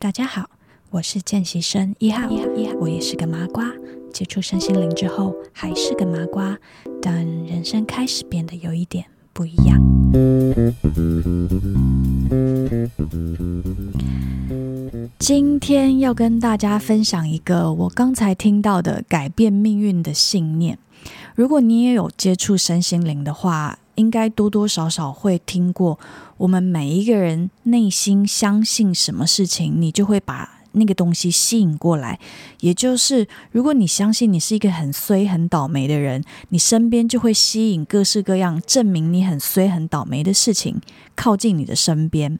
大家好，我是見習生一號一號，一號，我也是個麻瓜，接觸身心靈之後還是個麻瓜，但人生開始變得有一點不一樣。今天要跟大家分享一個我剛才聽到的改變命運的信念。如果你也有接觸身心靈的話，應該多多少少會聽過，我們每一個人內心相信什麼事情，你就會把。那個東西吸引過來，也就是如果你相信你是一個很衰、很倒霉的人，你身邊就會吸引各式各樣證明你很衰、很倒霉的事情靠近你的身邊。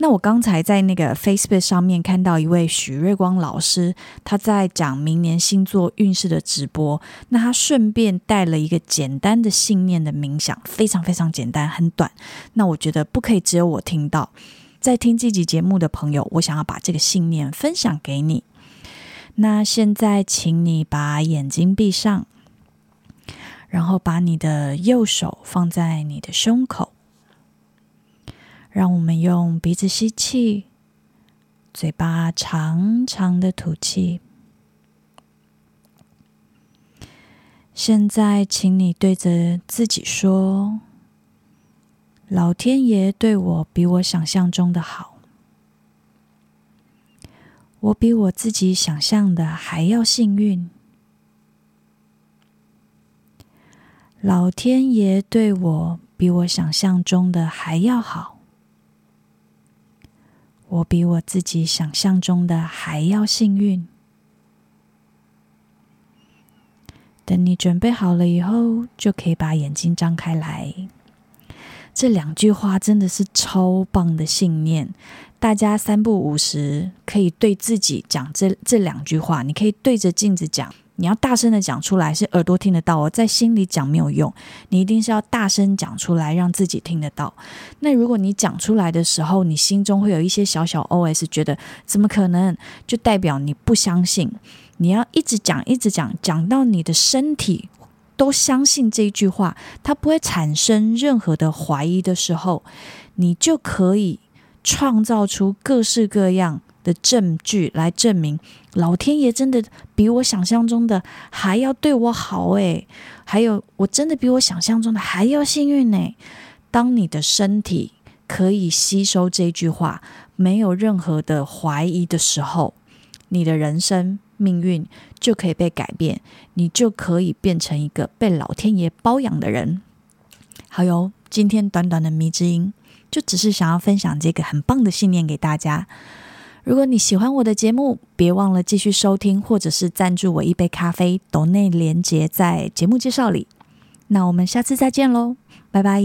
那我剛才在那個 Facebook 上面看到一位許瑞光老師，他在講明年星座運勢的直播，那他順便帶了一個簡單的信念的冥想，非常非常簡單，很短。那我覺得不可以只有我聽到。在聽這集節目的朋友，我想要把這個信念分享給你。那現在，請你把眼睛閉上，然後把你的右手放在你的胸口。讓我們用鼻子吸氣，嘴巴長長的吐氣。現在，請你對着自己說。老天爺對我比我想象中的好，我比我自己想象的還要幸運。老天爺對我比我想象中的還要好，我比我自己想象中的還要幸運。等你準備好了以後，就可以把眼睛張開來。這兩句話真的是超棒的信念，大家三不五時可以對自己講這這兩句話，你可以對着鏡子講，你要大聲的講出來，是耳朵聽得到哦，在心裡講沒有用，你一定是要大聲講出來，讓自己聽得到。那如果你講出來的時候，你心中會有一些小小 OS，覺得怎麼可能，就代表你不相信，你要一直講，一直講，講到你的身體。都相信這句話，他不會產生任何的懷疑的時候，你就可以創造出各式各樣的證據來證明老天爺真的比我想象中的還要對我好誒，還有我真的比我想象中的還要幸運呢。當你的身體可以吸收這句話，沒有任何的懷疑的時候，你的人生。命運就可以被改變，你就可以變成一個被老天爺包養的人。好喲，有今天短短的迷之音，就只是想要分享這個很棒的信念給大家。如果你喜歡我的節目，別忘了繼續收聽，或者是贊助我一杯咖啡，斗內連結在節目介紹裡。那我們下次再見嘍，拜拜。